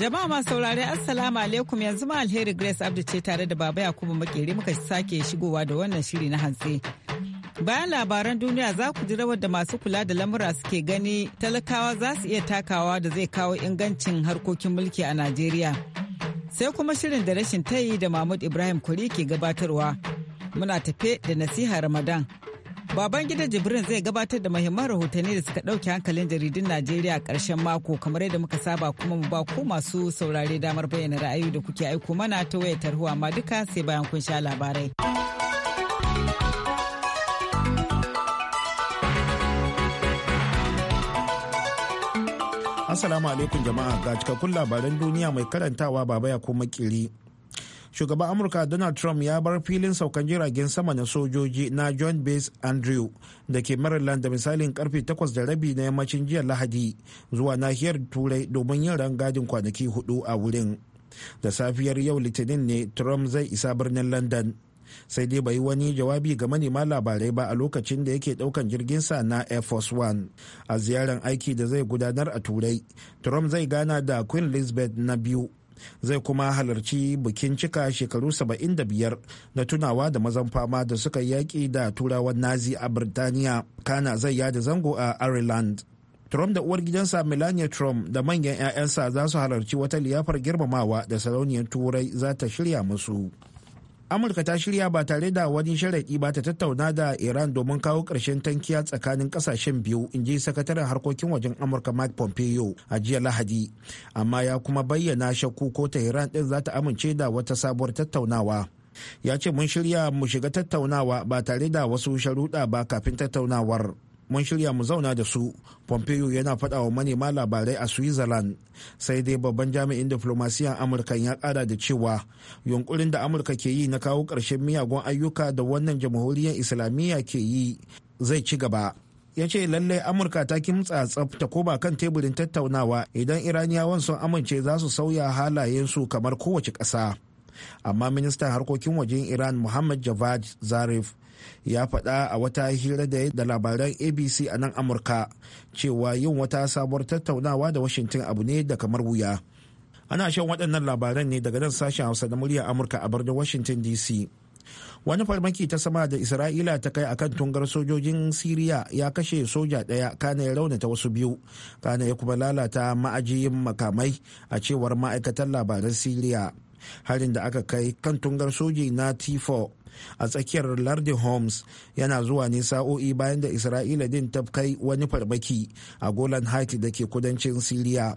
Jama'a masu saurare Assalamu alaikum yanzu ma alheri Grace Abdu ce tare da Baba Yakubu Makere muka sake shigowa da wannan shiri na hantsi. Bayan labaran duniya za ku ji rawar da masu kula da lamura suke gani talakawa za su iya takawa da zai kawo ingancin harkokin mulki a Najeriya. Sai kuma shirin da rashin tayi da Mahmud Ibrahim Kuri ke gabatarwa. Muna tafe da nasiha Ramadan Baban gida Jibrin zai gabatar da muhimman rahotanni da suka ɗauke hankalin jaridun Najeriya a ƙarshen mako kamar yadda muka saba kuma mu ba ku masu saurare damar bayyana ra'ayi da kuke aiko mana ta wayar tarhuwa ma duka sai bayan kun sha labarai. asalamu alaikum jama'a ga cikakkun labaran duniya mai karantawa baba ya ko makiri. shugaban amurka donald trump ya bar filin saukan jiragen sama na sojoji na john base andrew da ke maryland da misalin karfe 8 da rabi na yammacin jiya lahadi zuwa nahiyar turai domin yin rangadin kwanaki hudu a wurin da safiyar yau litinin ne trump zai isa birnin london sai dai bai wani jawabi ga manema labarai ba a lokacin da yake daukan jirginsa na air force one a ziyarar aiki da zai gudanar a turai trump zai gana da queen elizabeth na biyu zai kuma halarci bikin cika shekaru 75 na tunawa da mazan fama da suka yaƙi da turawan nazi a birtaniya kana zai yada zango a ireland Trump da uwar gidansa Melania Trump da manyan 'ya'yansa za su halarci wata liyafar girmamawa da sarauniyar Turai za ta shirya musu. amurka ta shirya ba tare da wani sharaɗi ba ta tattauna da iran domin kawo ƙarshen tankiya tsakanin ƙasashen biyu in ji sakataren harkokin wajen amurka mike pompeo a jiya lahadi amma ya kuma bayyana shakku ko ta iran ɗin za ta amince da wata sabuwar tattaunawa ya ce mun shirya mu shiga tattaunawa ba tare da wasu sharuɗa ba kafin tattaunawar mun shirya mu zauna da su pompeo yana faɗa wa manema labarai a switzerland sai dai babban jami'in diflomasiyan amurka ya ƙara da cewa yunkurin da amurka ke yi na kawo ƙarshen miyagun ayyuka da wannan jamhuriyar islamiyya ke yi zai ci gaba ya ce lallai amurka ta kimtsa ta koba kan teburin tattaunawa idan iraniyawan sun amince za su sauya halayensu kamar kowace ƙasa amma ministan harkokin wajen iran muhammad javad zarif ya faɗa a wata hira da da labaran abc a nan amurka cewa yin wata sabuwar tattaunawa da washington abu ne da kamar wuya ana shan waɗannan labaran ne daga nan sashen hausa na murya amurka a birnin washington dc wani farmaki ta sama da isra'ila ta kai akan tungar sojojin siriya ya kashe soja ɗaya kana ya raunata wasu biyu kana ya kuma lalata ma'ajiyin makamai a cewar ma'aikatan labaran siriya harin da aka kai kan tungar soji na t a tsakiyar lardin Homs yana zuwa ne sa'o'i bayan da Isra'ila din ta kai wani farmaki a Golan haiti da ke kudancin Siriya.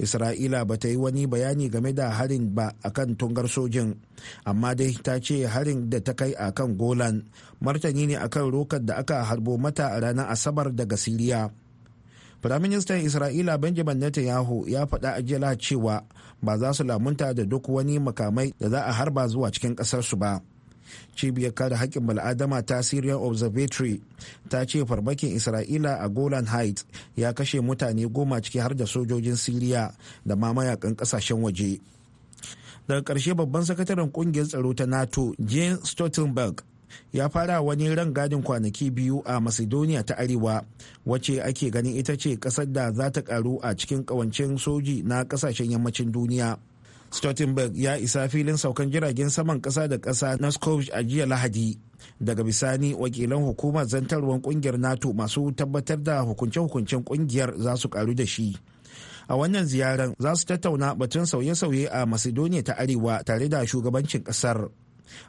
Isra'ila ba ta yi wani bayani game da harin ba a kan tungar sojin, amma dai ta ce harin da ta kai a kan Golan martani ne akan rokar da aka harbo mata a ranar Asabar daga Siriya. Firaministan Isra'ila Benjamin Netanyahu ya faɗa a jela cewa ba za su lamunta da duk wani makamai da za a harba zuwa cikin ƙasarsu ba. cibiyar kare haƙƙin bal'adama ta syrian observatory ta ce farmakin isra'ila a golan heights ya kashe mutane goma ciki har da sojojin siriya da ma mayakan ƙasashen waje daga ƙarshe babban sakataren ƙungiyar tsaro ta nato jean stoltenberg ya fara wani ran gadin kwanaki biyu a macedonia ta arewa wacce ake ganin ita ce ƙasar da za ta karu a cikin ƙawancin soji na ƙasashen yammacin duniya stoltenberg ya isa filin saukan jiragen saman ƙasa da ƙasa na skopje a jiya lahadi daga bisani wakilan hukumar zantarwar kungiyar nato masu tabbatar da hukunce-hukuncen kungiyar za su karu da shi a wannan ziyarar za su tattauna batun sauye-sauye a macedonia ta arewa tare da shugabancin kasar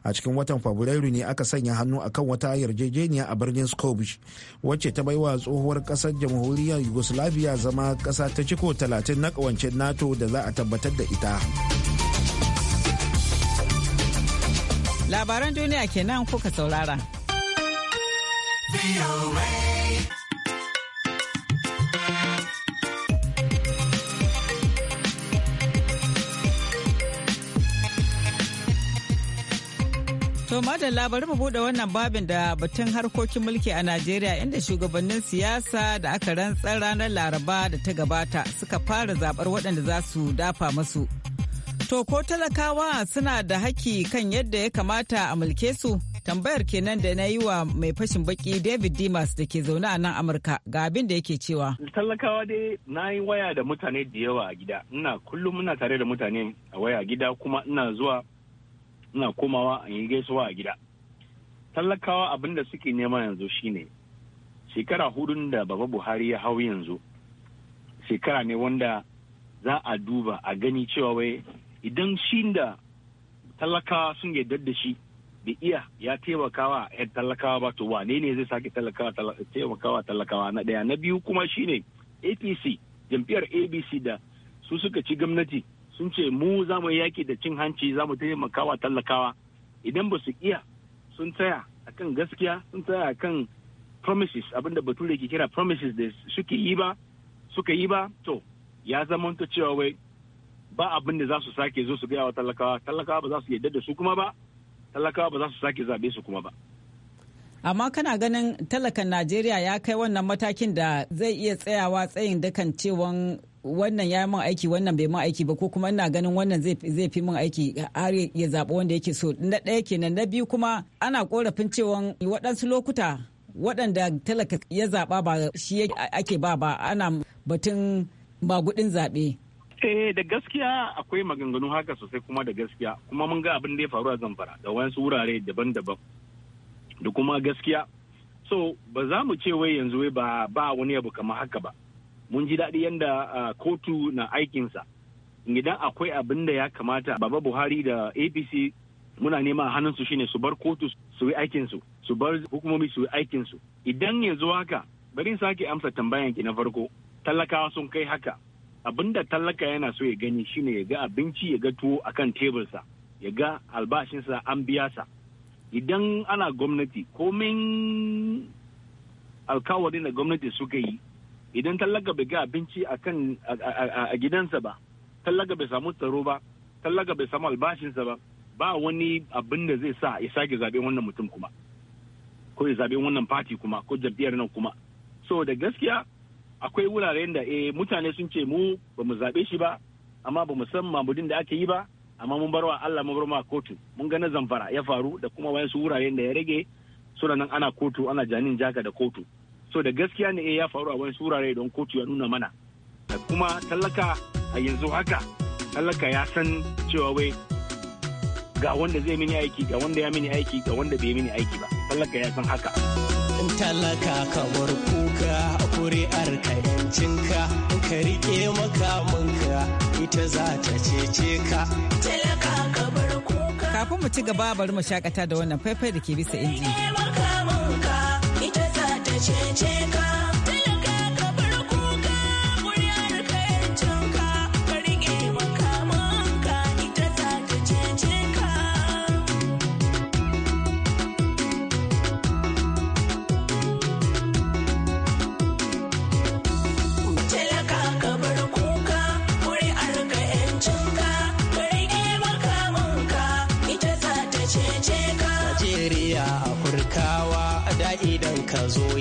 a cikin watan fabrairu ne aka sanya hannu akan wata yarjejeniya a birnin skobish wacce ta baiwa tsohuwar kasar jamhuriyar yugoslavia zama kasa ta ciko 30 na kawancin nato da za a tabbatar da ita labaran duniya kenan kuka saurara. To madalla bari mu bude wannan babin da batun harkokin mulki a Najeriya inda shugabannin siyasa da aka rantsar ranar Laraba da ta gabata suka fara zabar waɗanda za su dafa masu. To ko talakawa suna da haki kan yadda ya kamata a mulke su? Tambayar kenan da na yi wa mai fashin baki David Dimas da ke zaune a nan Amurka ga abin da yake cewa. Talakawa dai na yi waya da mutane da yawa a gida. Ina kullum muna tare da mutane a waya gida kuma ina zuwa ina komawa in yi gaisuwa a gida talakawa abin da suke nema yanzu shine shekara hudun da baba buhari ya hau yanzu shekara ne wanda za a duba a gani cewa wai idan shi da talakawa sun yarda da shi da iya ya taimakawa yan talakawa ba to wane ne zai sake taimakawa talakawa na daya na biyu kuma shine apc jam'iyyar abc da su suka ci gwamnati sun ce mu za mu yaƙi da cin hanci za mu taimakawa tallakawa idan ba su iya sun tsaya a kan gaskiya sun tsaya a kan promises abinda bature ke kira promises da suke yi ba suka yi ba to ya zama to cewa wai ba abin da za su sake zo su gaya wa talakawa talakawa ba za su yadda da su kuma ba talakawa ba za su sake zabe su kuma ba amma kana ganin talakan najeriya ya kai wannan matakin da zai iya tsayawa tsayin dakan cewan wannan ya yi min aiki wannan bai min aiki ba ko kuma ina ganin wannan zai fi min aiki har ya zaɓi wanda yake so na ɗaya kenan na biyu kuma ana korafin cewa waɗansu lokuta waɗanda talaka ya zaɓa ba shi ake ba ba ana batun gudun zaɓe. Eh da gaskiya akwai maganganu haka sosai kuma da gaskiya kuma mun ga abin da ya faru a zamfara da wasu wurare daban-daban da kuma gaskiya so ba za mu ce wai yanzu ba ba wani abu kamar haka ba mun ji daɗi yadda kotu na aikinsa idan akwai abin da ya kamata baba buhari da apc muna nema hannunsu shine su bar kotu su yi aikinsu su bar hukumomi su yi aikinsu idan yanzu haka bari sake amsa tambayan ki na farko talakawa sun kai haka abin da tallaka yana so ya gani shine ya ga abinci ya ga tuwo a kan tebursa ya ga albashinsa an biya sa idan ana gwamnati komin alkawarin da gwamnati suka yi idan tallaka bai ga abinci a gidansa ba tallaka bai samu tsaro ba tallaka bai samu albashinsa ba ba wani abin da zai sa ya sake zaben wannan mutum kuma ko ya zaɓen wannan fati kuma ko jam'iyyar nan kuma so da gaskiya akwai wuraren da eh mutane sun ce mu ba mu zaɓe shi ba amma ba mu san mamudin da ake yi ba amma mun bar wa Allah mun barwa kotu mun ga na zamfara ya faru da kuma wayansu wuraren da ya rage suna nan ana kotu ana janin jaka da kotu so da gaskiya ne eh, ya faru a wani surare don kotu ya nuna mana da kuma tallaka a yanzu haka tallaka ya san cewa wai ga wanda zai mini aiki ga wanda ya mini aiki ga wanda bai mini aiki ba tallaka ya san haka in talaka ka bar kuka kuri'ar ka yancinka in ka rike makamanka ita za ta cece ka talaka ka bar kuka kafin mu ci gaba bari mu shakata da wannan faifai da ke bisa inji check, check.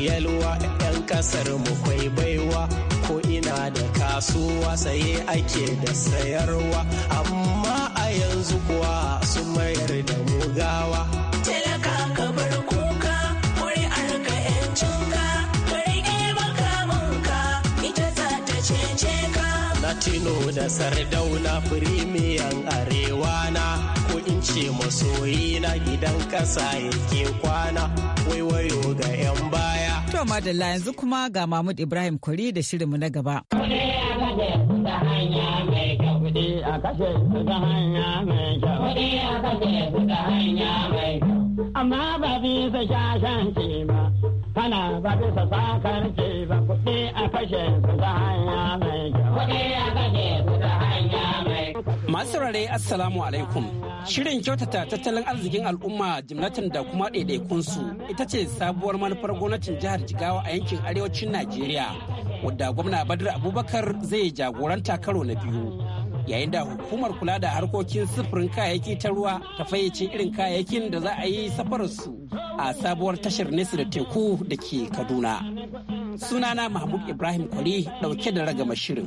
yalwa 'yan kasar mu kwai baiwa ko ina da kasuwa saye ake da sayarwa amma a yanzu kuwa su mayar da mugawa gawa ka bar kuka kuri'ar latino da sardauna firimiyan arewa na ko in ce masoyi na gidan ƙasa yake kwana waiwayo ga 'yan baya To madalla yanzu kuma ga Mahmud Ibrahim Kuri da shirinmu na gaba. Amma ba bisa shashan ce ba, kana ba bisa ce ba, kuɗi a kashe su ta hanya mai kyau. Kuɗi a kashe su ta hanya Masu saurare Assalamu alaikum. Shirin kyautata tattalin arzikin al'umma jimnatin da kuma ɗaiɗaikunsu ita ce sabuwar manufar gwamnatin jihar Jigawa a yankin arewacin Najeriya wadda gwamna Badar Abubakar zai jagoranta karo na biyu. Yayin da hukumar kula da harkokin sufurin kayayyaki ta ruwa ta fayyace irin kayayyakin da za a yi safararsu a sabuwar tashar nesa da teku da ke Kaduna. sunana Mahmud Ibrahim Kwari dauke da ragama shirin.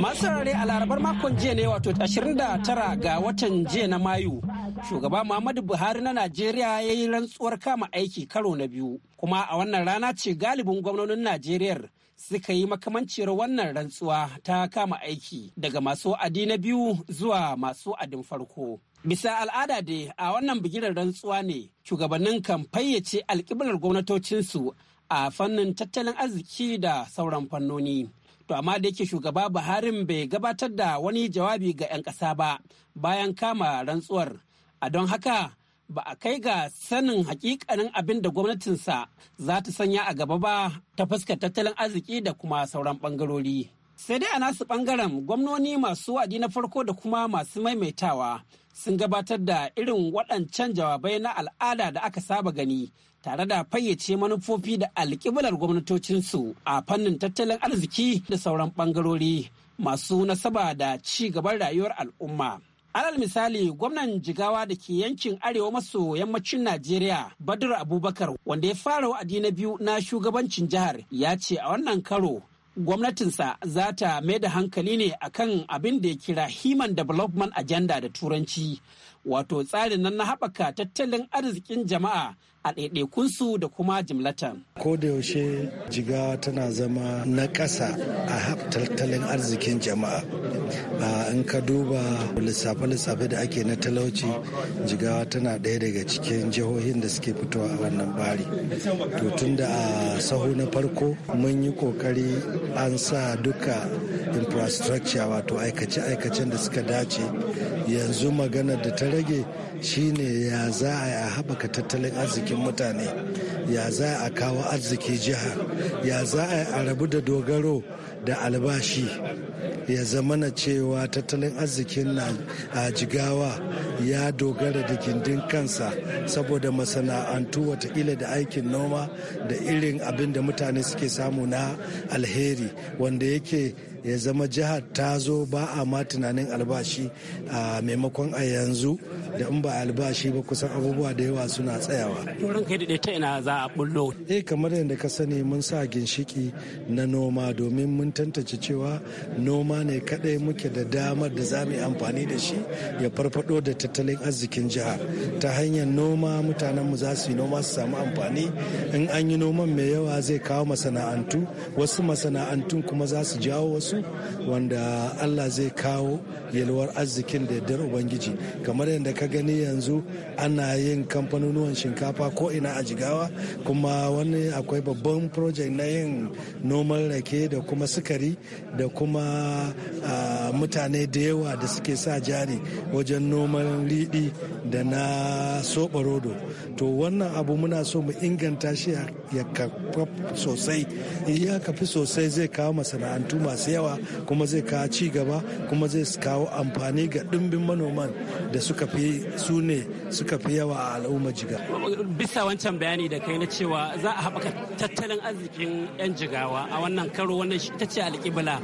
Masu rare a larabar makon jiya ne wato 29 ga watan jiya na Mayu. Shugaba Muhammadu Buhari na Najeriya ya yi rantsuwar kama aiki karo na biyu, kuma a wannan rana ce galibin gwamnonin Najeriyar suka yi makamanciyar wannan rantsuwa ta kama aiki daga masu adi na biyu zuwa masu adin farko. Bisa al'ada da a wannan bigirar rantsuwa ne shugabannin kan fayyace alkiblar gwamnatocinsu a fannin tattalin arziki da sauran fannoni. To amma da yake shugaba Buharin bai gabatar da wani jawabi ga 'yan ƙasa ba bayan kama rantsuwar. A don haka ba a kai ga sanin hakikanin abin da gwamnatinsa za ta sanya a gaba ba ta fuskar tattalin arziki da kuma sauran ɓangarori. sai dai a nasu bangaren gwamnoni masu wa'adi na farko da kuma masu maimaitawa sun gabatar da irin waɗancan jawabai na al'ada da aka saba gani tare da fayyace manufofi da alƙiblar gwamnatocinsu a fannin tattalin arziki da sauran ɓangarori masu nasaba da ci gaban rayuwar al'umma. alal misali gwamnan jigawa da ke yankin arewa maso yammacin najeriya Badur abubakar wanda ya fara wa'adi na biyu na shugabancin jihar ya ce a wannan karo gwamnatinsa za ta mai da hankali ne akan abin da ya kira Human Development Agenda da Turanci wato tsarin nan na haɓaka tattalin arzikin jama'a a ɗaiɗaikunsu da kuma jimlatan. Ko da yaushe jiga tana zama na ƙasa a tattalin arzikin jama'a. In ka duba lissafe-lissafe da ake na talauci Jigawa tana ɗaya daga cikin jihohin da suke fitowa a wannan bari. To tun da a sahu na farko mun yi ƙoƙari an sa duka infrastructure wato aikace-aikacen da suka dace yanzu magana da ta rage shine ya za a haɓaka tattalin arzikin mutane ya za a kawo arziki jiha ya za a rabu da dogaro da albashi ya zama na cewa tattalin arzikin na a jigawa ya dogara da gindin kansa saboda masana'antu watakila da aikin noma da irin abin da mutane suke samu na alheri wanda yake ya zama jihar ta zo ba a ma tunanin albashi a maimakon a yanzu da in ba albashi ba kusan abubuwa da yawa suna tsayawa. Turan kai da ta ina za a bullo. Eh kamar yadda ka sani mun sa ginshiki na noma domin mun tantance cewa noma ne kadai muke da damar da za mu yi amfani da shi ya farfado da tattalin arzikin jihar ta hanyar noma mutanen mu za su yi noma su samu amfani in an yi noman mai yawa zai kawo masana'antu wasu masana'antun kuma za su jawo wasu su wanda allah zai kawo yalwar arzikin da yaddar ubangiji kamar yadda ka gani yanzu ana yin kamfanonuwan shinkafa ko ina a jigawa kuma wani akwai babban project na yin noman rake da kuma sukari da kuma mutane da yawa da suke sa jari wajen noman riɗi da na soɓa rodo to wannan abu muna so mu inganta shi ya ya kafi sosai zai kawo masana'antu masu yawa yawa kuma zai kawo ci gaba kuma zai kawo amfani ga ɗimbin manoman da suka fi su ne suka fi yawa a al'umma jiga. Bisa wancan bayani da kai na cewa za a haɓaka tattalin arzikin 'yan jigawa a wannan karo wannan ita ce alƙibla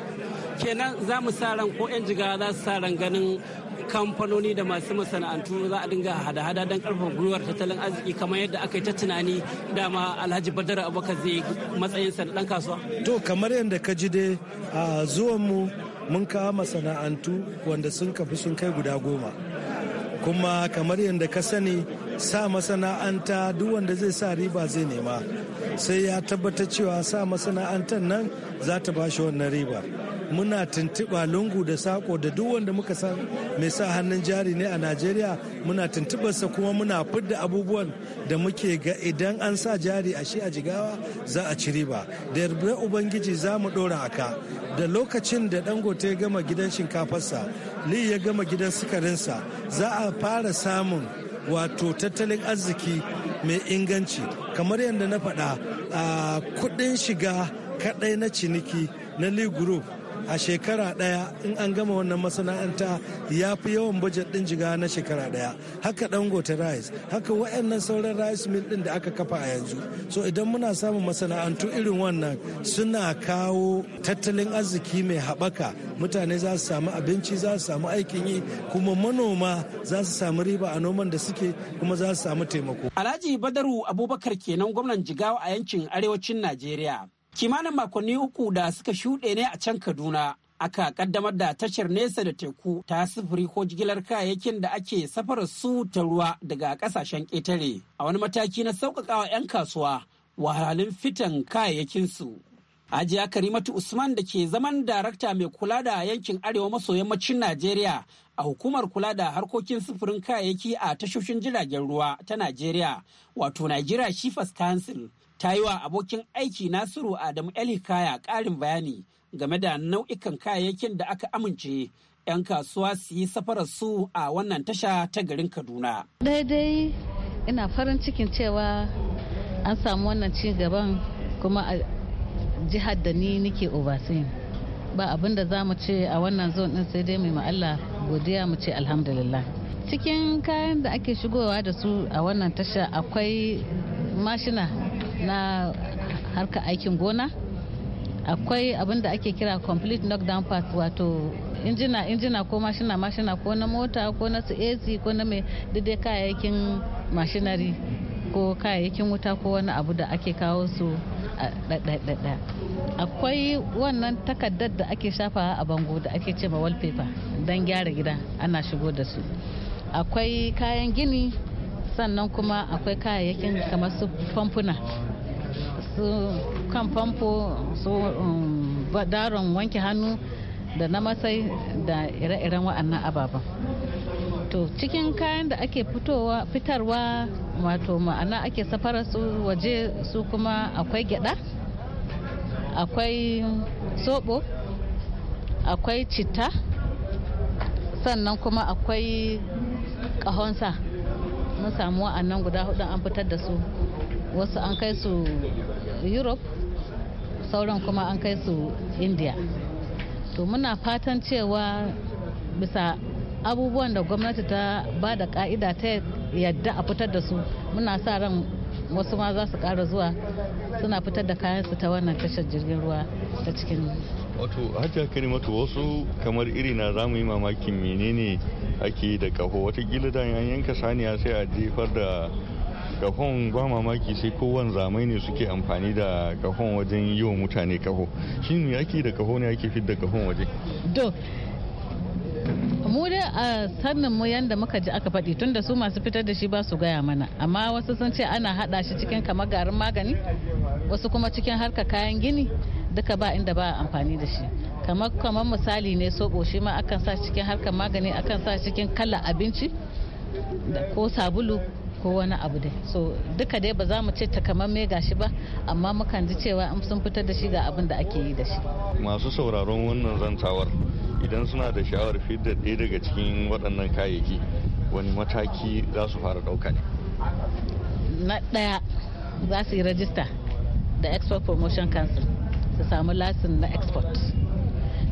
kenan za mu sa ran ko 'yan jigawa za su sa ran ganin kamfanoni da masu masana'antu za a dinga hada-hada don karfafa gwiwar tattalin arziki kamar yadda aka yi ta tunani dama alhaji badar abubakar zai matsayinsa da dan kasuwa to kamar yadda ka ji dai a zuwan mu mun kawo masana'antu wanda sun kafi sun kai guda goma kuma kamar yadda ka sani sa masana'anta duk wanda zai sa riba zai nema sai ya tabbatar cewa sa masana'antar nan za ta ba shi wannan riba. muna tuntuɓa lungu da sako da duk wanda muka san mai sa hannun jari ne a najeriya muna tuntuɓarsa kuma muna fidda abubuwan da muke ga idan an sa jari a shi a jigawa za a ciri ba da yarda ubangiji za mu ɗora aka da lokacin da dangote ya gama gidan shinkafarsa li ya gama gidan sukarinsa za a fara samun wato tattalin arziki mai inganci kamar yadda na faɗa a kuɗin shiga kaɗai na ciniki na li group a shekara ɗaya in an gama wannan masana'anta ya fi yawan bajet ɗin jiga na shekara ɗaya haka dangote rice haka wa'annan sauran rice mill ɗin da aka kafa a yanzu so idan muna samun masana'antu irin wannan suna kawo tattalin arziki mai haɓaka mutane za su samu abinci za su samu aikin yi kuma manoma za su samu riba a noman da suke kuma za su samu taimako alhaji badaru abubakar kenan gwamnan jigawa a yankin arewacin najeriya kimanin makonni uku da suka shuɗe ne a can kaduna aka kaddamar da tashar nesa da teku ta sufuri ko jigilar kayayyakin da ake safar su ta ruwa daga kasashen ƙetare a wani mataki na sauƙaƙawa 'yan kasuwa wahalhalun fitan kayayyakinsu. Ajiya Karimatu Usman da ke zaman darakta mai kula da yankin arewa maso yammacin Najeriya a hukumar kula da harkokin sufurin kayayyaki a tashoshin jiragen ruwa ta Najeriya wato Nigeria Shifas Council ta yi wa abokin aiki Nasiru Adamu elikaya karin bayani game da nau'ikan kayayyakin da aka amince 'yan kasuwa su yi safarar su a wannan tasha ta garin Kaduna. Daidai ina farin cikin cewa an samu wannan ci gaban kuma a jihar da ni nike obasin Ba abin da za mu ce a wannan zon din sai dai mai ma'alla godiya mu ce alhamdulillah. Cikin kayan da ake shigowa da su a wannan tasha akwai mashina na harka aikin gona akwai abin da ake kira complete knockdown part wato injina injina ko mashina mashina ko na mota ko na su ac ko na mai daidai kayayyakin mashinari ko kayayyakin wuta ko wani abu da ake kawo su ɗaɗɗaɗɗa akwai wannan takardar da ake shafa a bango da ake ce ma wallpaper don gyara gida ana shigo da su akwai kayan gini sannan kuma akwai kayayyakin kamar su famfuna su kan famfo su um, daron wanke hannu da na matsayi da ire-iren wa'annan ababen to cikin kayan da ake fitarwa wato ma'ana ake safara su waje su kuma akwai gyada akwai sobo akwai citta sannan kuma akwai ƙahonsa mun samu wa'annan guda hudu an fitar da su wasu an kai su europe sauran kuma an kai su india to muna fatan cewa bisa abubuwan da gwamnati ta ba da ka'ida ta yadda a fitar da su muna sa ran wasu ma za su kara zuwa suna fitar da kayansu ta wannan tashar jirgin ruwa ta cikin wato hajjar karimatu wasu kamar iri na zamu yi mamakin menene ake da kaho watakila da an yanka saniya sai a jefar da kahon ba mamaki sai kowan zamai ne suke amfani da kahon wajen yi wa mutane kaho shi ne ake da kaho ne ake fit da kahon waje mu da a sannan mu yanda muka ji aka faɗi da su masu fitar da shi ba su gaya mana amma wasu sun ce ana haɗa shi cikin kamar garin magani wasu kuma cikin harka kayan gini duka ba inda ba amfani da shi kamar kamar misali ne soɓo shi ma akan sa cikin harkar magani akan sa cikin kala abinci ko sabulu ko wani abu dai so duka dai ba za mu ce takamamme shi ba amma mukan ji cewa in sun fitar da shi ga abin da ake yi da shi masu sauraron wannan zantawar idan suna da sha'awar fidda ɗaya daga cikin waɗannan kayayyaki wani mataki za su fara ɗauka ne na ɗaya za su yi rajista da export promotion council su samu lasin na export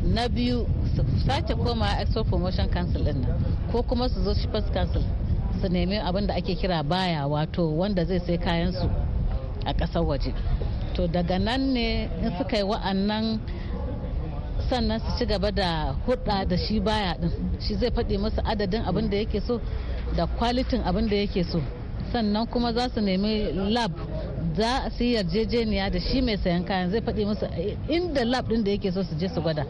na biyu su sace koma extra promotion council din nan ko kuma su zo shippers council su nemi abin da ake kira baya wato wanda zai sai kayan su a kasar waje to daga nan ne in suka yi wa'annan sannan su ci gaba da hudda da shi baya din shi zai faɗi musu adadin abin da yake so da kwalitin abin da yake so sannan kuma za su nemi lab za su yi yarjejeniya da shi mai sayan kayan zai faɗi musu inda lab ɗin da yake so su je su gwada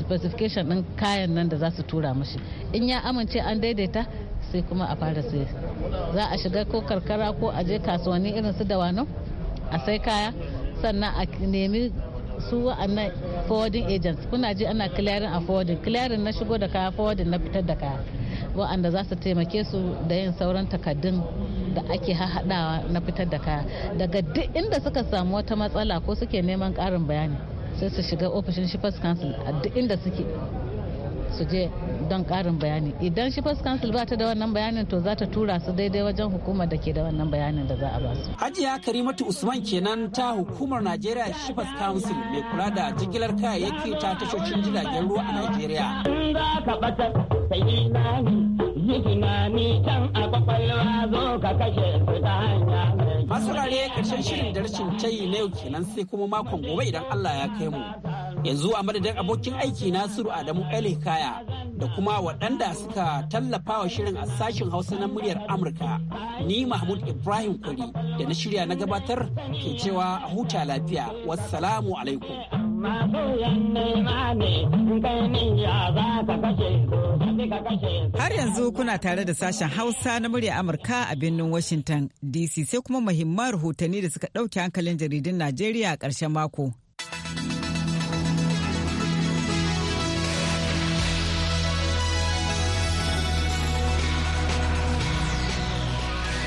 specification ɗin kayan nan da za su tura mashi in ya amince an daidaita sai kuma a fara sai za a shiga ko karkara ko a je kasuwanni irin su dawano a sai kaya sannan a nemi su wa'annan forwarding agents kuna ji ana clearing a forwarding clearing na shigo da kaya forwarding na fitar da kaya wa'anda za su taimake su da yin sauran takaddun da ake haɗawa na fitar da kaya daga duk inda suka samu wata matsala ko suke neman ƙarin bayani sai su shiga ofishin shippers council a duk inda suke su je don karin bayani idan shi first council ba ta da wannan bayanin to za ta tura su daidai wajen hukumar da ke da wannan bayanin da za a ba su hajiya karimatu usman kenan ta hukumar najeriya shifas council mai kula da jigilar kayayyaki ta tashoshin jiragen ruwa a nigeria Masu rariya ƙarshen shirin da rashin yi na yau kenan sai kuma makon gobe idan Allah ya kai mu. yanzu a madadin abokin aiki nasiru adamu ele kaya da kuma waɗanda suka tallafa wa shirin a sashen hausa na muryar amurka ni mahmud ibrahim kuri da na shirya na gabatar ke cewa a huta lafiya wassalamu alaikum Har yanzu kuna tare da sashen Hausa na murya Amurka a birnin Washington DC sai kuma muhimman rahotanni da suka ɗauke hankalin jaridun Najeriya a ƙarshen mako.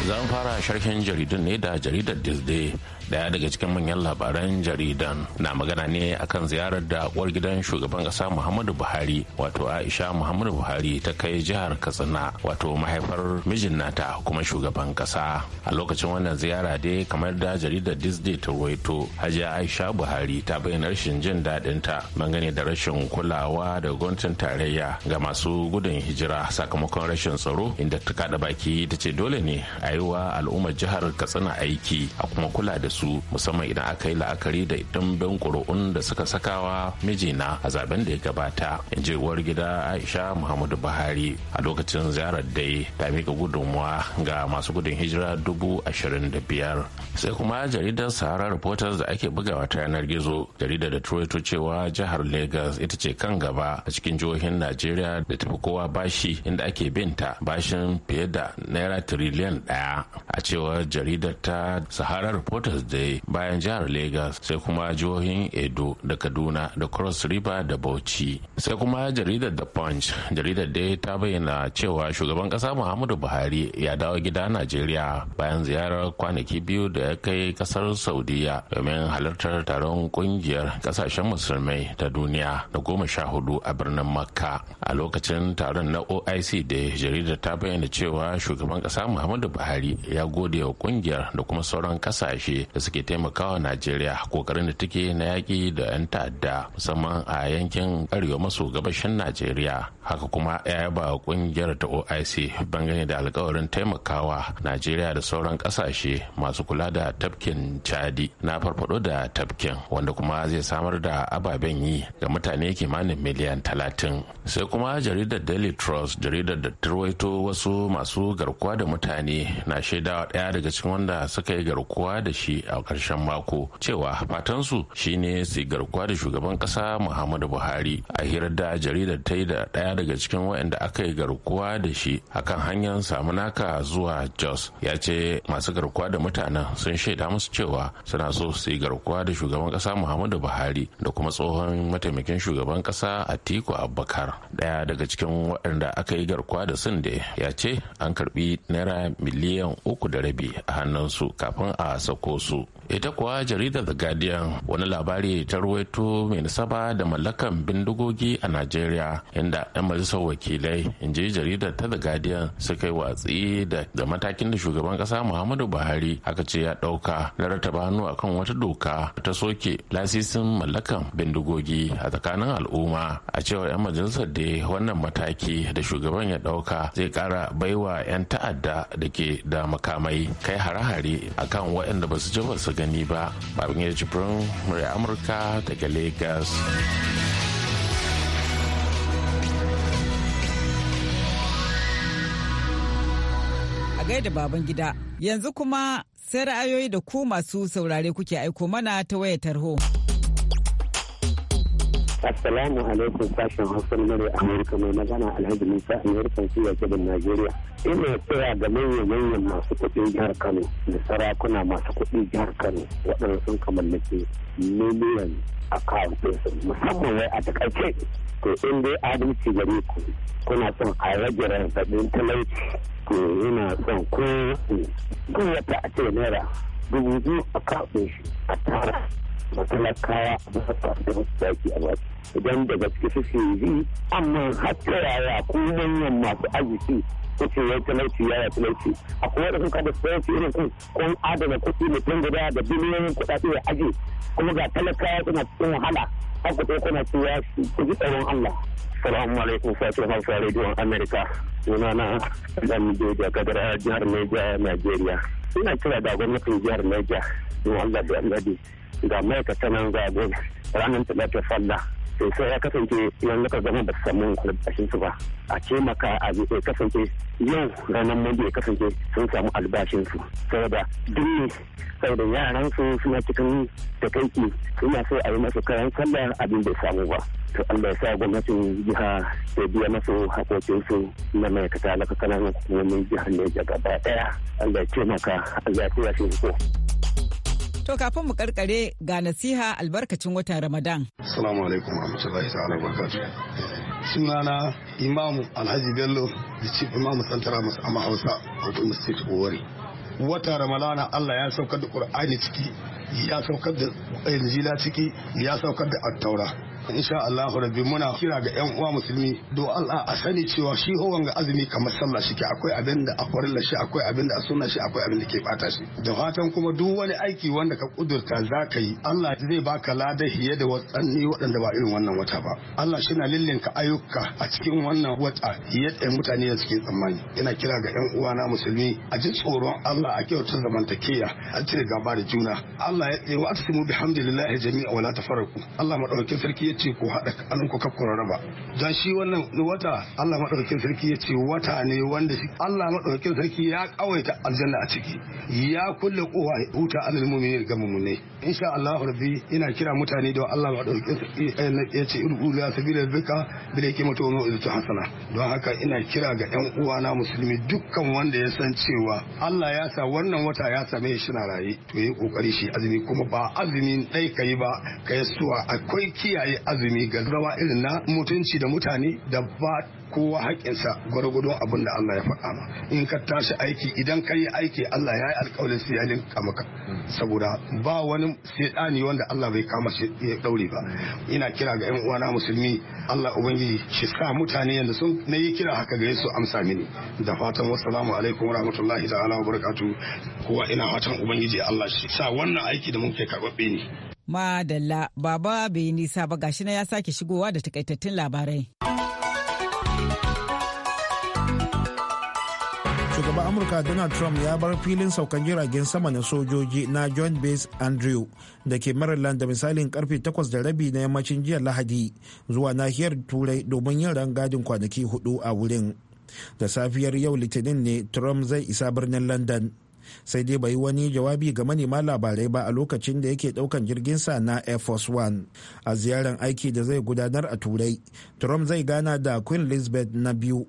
zan fara sharhin jaridun ne da jaridar Disney daya daga cikin manyan labaran jaridan na magana ne akan ziyarar da uwar gidan shugaban kasa muhammadu buhari wato aisha muhammadu buhari ta kai jihar katsina wato mahaifar mijin nata kuma shugaban kasa a lokacin wannan ziyara dai kamar da jaridar disney ta ruwaito hajiya aisha buhari ta bayyana rashin jin daɗin ta dangane da rashin kulawa da gwamnatin tarayya ga masu gudun hijira sakamakon rashin tsaro inda ta kada baki ta ce dole ne a yi wa al'ummar jihar katsina aiki a kuma kula da su su musamman idan aka yi la'akari da dimbin ƙuri'un da suka sakawa mijina a zaben da ya gabata in ji uwar gida aisha muhammadu buhari a lokacin ziyarar dai ta miƙa gudunmuwa ga masu gudun hijira dubu ashirin da biyar sai kuma jaridar sahara reporters da ake bugawa ta yanar gizo jaridar da turaito cewa jihar lagos ita ce kan gaba a cikin jihohin najeriya da tafi kowa bashi inda ake binta bashin fiye da naira tiriliyan daya a cewar jaridar ta sahara reporters dai bayan jihar Legas sai kuma jihohin Edo da Kaduna da Cross River da Bauchi. Sai kuma jaridar The Punch, jaridar dai ta bayyana cewa shugaban kasa Muhammadu Buhari ya dawo gida Najeriya bayan ziyarar kwanaki biyu da ya kai kasar Saudiya domin halartar taron kungiyar kasashen musulmai ta duniya da goma sha hudu a birnin Makka. A lokacin taron na OIC da jaridar ta bayyana cewa shugaban kasa Muhammadu Buhari ya gode wa kungiyar da kuma sauran kasashe da suke taimakawa najeriya kokarin da take na yaƙi da 'yan ta'adda musamman a yankin arewa maso gabashin najeriya haka kuma ya yaba kungiyar ta oic bangare da alkawarin taimakawa najeriya da sauran kasashe masu kula da tafkin chadi na farfado da tafkin wanda kuma zai samar da ababen yi ga mutane kimanin miliyan talatin sai kuma jaridar daily trust jaridar da turwaito wasu masu garkuwa da mutane na shaidawa daya daga cikin wanda suka yi garkuwa da shi a karshen mako cewa fatansu shine su garkuwa da shugaban ƙasa muhammadu buhari a hirar da jaridar ta yi da ɗaya daga cikin waɗanda aka yi garkuwa da shi akan hanyar naka zuwa jos ya ce masu garkuwa da mutanen sun shaida musu cewa suna so su yi garkuwa da shugaban ƙasa muhammadu buhari da kuma tsohon mataimakin shugaban ƙasa atiku abubakar ɗaya daga cikin waɗanda aka yi garkuwa da sun da ya ce an karbi naira miliyan uku da rabi a hannunsu kafin a sako su Council ita kuwa jaridar the guardian wani labari ta ruwaito mai nasaba da mallakan bindigogi a najeriya inda 'yan majalisar wakilai in ji jaridar ta the guardian suka yi watsi da matakin da shugaban kasa muhammadu buhari aka ce ya dauka na rataba hannu akan wata doka ta soke lasisin mallakan bindigogi a tsakanin al'umma a cewar 'yan majalisar da wannan mataki da shugaban ya dauka zai kara baiwa 'yan ta'adda da ke da makamai kai hare-hare akan waɗanda ba su ji ba su gani ba babin ya jibrin murya amurka daga lagos a gaida baban gida yanzu kuma sai ra'ayoyi da ku masu saurare kuke aiko mana ta wayar tarho. Assalamu alaikum sashen Hausa na Mare Amurka mai magana Alhaji Musa a Suya Kebin Najeriya. Ina tsaya ga manyan masu kuɗi jihar Kano da sarakuna masu kuɗi jihar Kano waɗanda sun kamallaki miliyan a ɗinsu musamman wai a takaice to in dai adalci gare ku kuna son a rage raɗaɗin talauci to ina son ko wata a ce naira dubu biyu a kawo a tara matalakawa a masu da musu daki a baki idan da gaske suke yi amma hatta yaya ko manyan masu arziki kuke yau talauci yaya talauci akwai wanda sun kada talauci irin kun kun adana kuɗi mutum guda da biliyoyin kuɗaɗe ya aje kuma ga talakawa suna cikin wahala har ku ɗauko na cewa ku ji tsaron Allah. Salamu alaikum sashen Hausa Rediyon Amerika. Suna na Dan Joja Kadar Jihar Niger Nigeria. Ina kira da gwamnatin jihar Niger. Don Allah da Allah ga ta nan ga gona ranar ta sallah to sai ya kasance yan ka zama ba su samu albashin su ba a ce maka a zai kasance yau ranar mun ya kasance sun samu albashin su saboda duk saboda yaran su suna cikin takaiki suna so a yi masu kayan sallah abin bai samu ba to Allah ya sa gwamnatin jiha ta biya masu hakokin su na kata laka kananan hukumomin jihar ne gaba daya Allah ya taimaka Allah ya tura shi ko. To kafin mu karkare ga nasiha albarkacin watan Ramadan. Assalamu alaikum rahmatullahi ta'ala barakatuh. Sunana Imam Alhaji Bello da Chief Imam Santara amma Hausa of State Owari. Wata Ramadana Allah ya saukar da Qur'ani ciki, ya saukar da Injila ciki, ya saukar da Attaura. insha Allah rabbi muna kira ga yan uwa musulmi do Allah a sani cewa shi ho wanga azumi kamar sallah shi ke akwai abin da akwarin shi akwai abin da a sunna shi akwai abin da ke bata shi da fatan kuma duk wani aiki wanda ka kudurta za ka yi Allah zai baka ladar hiye da watsanni waɗanda ba irin wannan wata ba Allah shi na lillinka ayyuka a cikin wannan wata yadda mutane da suke tsammani yana kira ga yan uwana musulmi a ji tsoron Allah a kyautar zamantakeya a cire gaba da juna Allah ya tsaye wa asimu bihamdillahi jami'a wala tafarraku Allah madaukakin sarki ya ce ko haɗa kanin ku kakkura raba don shi wannan wata Allah maɗaukakin sarki ya ce wata ne wanda shi Allah maɗaukakin sarki ya ƙawaita aljanna a ciki ya kulle ya huta alal gama ga mu'minai insha Allah rabbi ina kira mutane da Allah maɗaukakin sarki eh, ya ce irqulu sabila bika bi da kimatu wa mu'izatu hasana don haka ina kira ga yan uwana musulmi dukkan wanda ya san cewa Allah ya sa wannan wata ya same shi na raye to yi kokari shi azumi kuma ba azumin dai kai ba kai suwa akwai kiyaye yi azumi ga zama irin na mutunci da mutane da ba kowa haƙƙinsa gwargwadon abin da Allah ya faɗa ma in ka tashi aiki idan ka yi aiki Allah ya yi alƙawarin sai ya kamaka saboda ba wani sai wanda Allah bai kama shi ya ɗaure ba ina kira ga 'yan uwana musulmi Allah ubangiji shi sa mutane yanzu sun na yi kira haka gare su amsa mini da fatan wassalamu alaikum rahmatullahi ta'ala barakatu kowa ina fatan ubangiji Allah shi sa wannan aiki da muke karɓaɓɓe ne Madalla baba bai nisa ba gashi na ya sake shigowa da takaitattun labarai. Shugaban Amurka Donald Trump ya bar filin saukan jiragen sama na sojoji na John Base Andrew da ke Maryland da misalin karfe 8 da rabi na yammacin jiya Lahadi zuwa nahiyar Turai domin yin rangadin kwanaki hudu a wurin. Da safiyar yau Litinin ne Trump zai isa birnin London. sai dai bai wani jawabi ga manema labarai ba a lokacin da yake daukan jirginsa na air force one a ziyarar aiki da zai gudanar a turai trump zai gana da queen elizabeth na biyu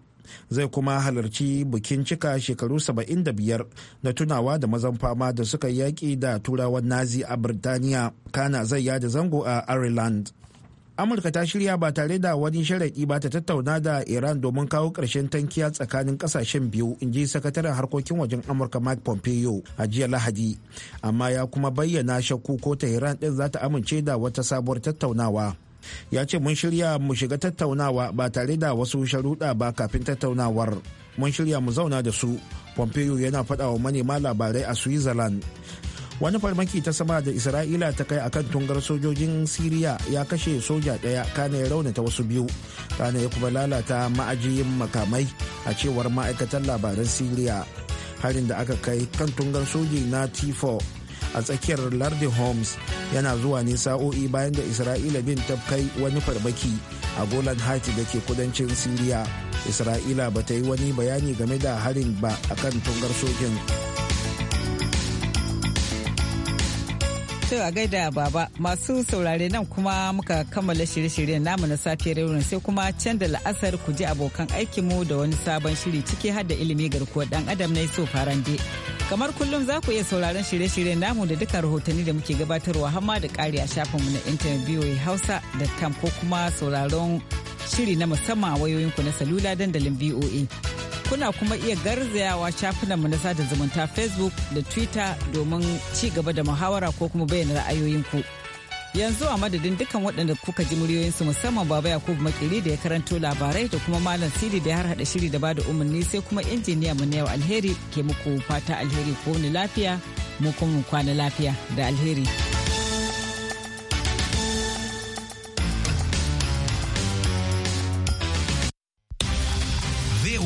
zai kuma halarci bukin cika shekaru 75 na tunawa da mazan fama da suka yaƙi da turawan nazi a birtaniya kana zai yada zango a ireland amurka ta shirya ba tare da wani sharaɗi ba ta tattauna da iran domin kawo ƙarshen tankiya tsakanin ƙasashen biyu in ji sakataren harkokin wajen amurka mike pompeo a jiya lahadi amma ya kuma bayyana shakku ko ta iran ɗin za ta amince da wata sabuwar tattaunawa ya ce mun shirya mu shiga tattaunawa ba tare da wasu sharuɗa ba kafin tattaunawar mun shirya mu zauna da su pompeo yana faɗa wa manema labarai a switzerland wani farmaki ta sama da isra'ila ta kai akan tungar sojojin siriya ya kashe soja daya kana ya raunata wasu biyu kana ya kuma lalata ma'ajiyin makamai a cewar ma'aikatan labaran siriya harin da aka kai kan tungar soji na t4 a tsakiyar lardin homs yana zuwa ne sa'o'i bayan da isra'ila bin ta kai wani farmaki a golan hati da ke kudancin siriya isra'ila ba ta yi wani bayani game da harin ba akan tungar sojin To a gaida baba masu saurare nan kuma muka kammala shirye-shiryen namu na safiyar yau sai kuma can da la'asar ku ji abokan aikinmu da wani sabon shiri ciki har da ilimi garkuwar dan adam na so farande. Kamar kullum za ku iya sauraron shirye-shiryen namu da dukkan rahotanni da muke gabatarwa hamma da ƙari a shafinmu na intanet voa hausa da tam ko kuma sauraron shiri na musamman a wayoyinku na salula dandalin voa. kuna kuma iya garzayawa shafinanmu na sada zumunta facebook da twitter domin ci gaba da muhawara ko kuma bayyana ra'ayoyinku yanzu a madadin dukkan waɗanda kuka ji muryoyinsu musamman baba yakubu makiri da ya karanto labarai da kuma malam sidi da ya harhaɗa shiri da bada umarni sai kuma injiniya mu na yau alheri ke muku fata alheri ko ni lafiya mu kuma kwana lafiya da alheri.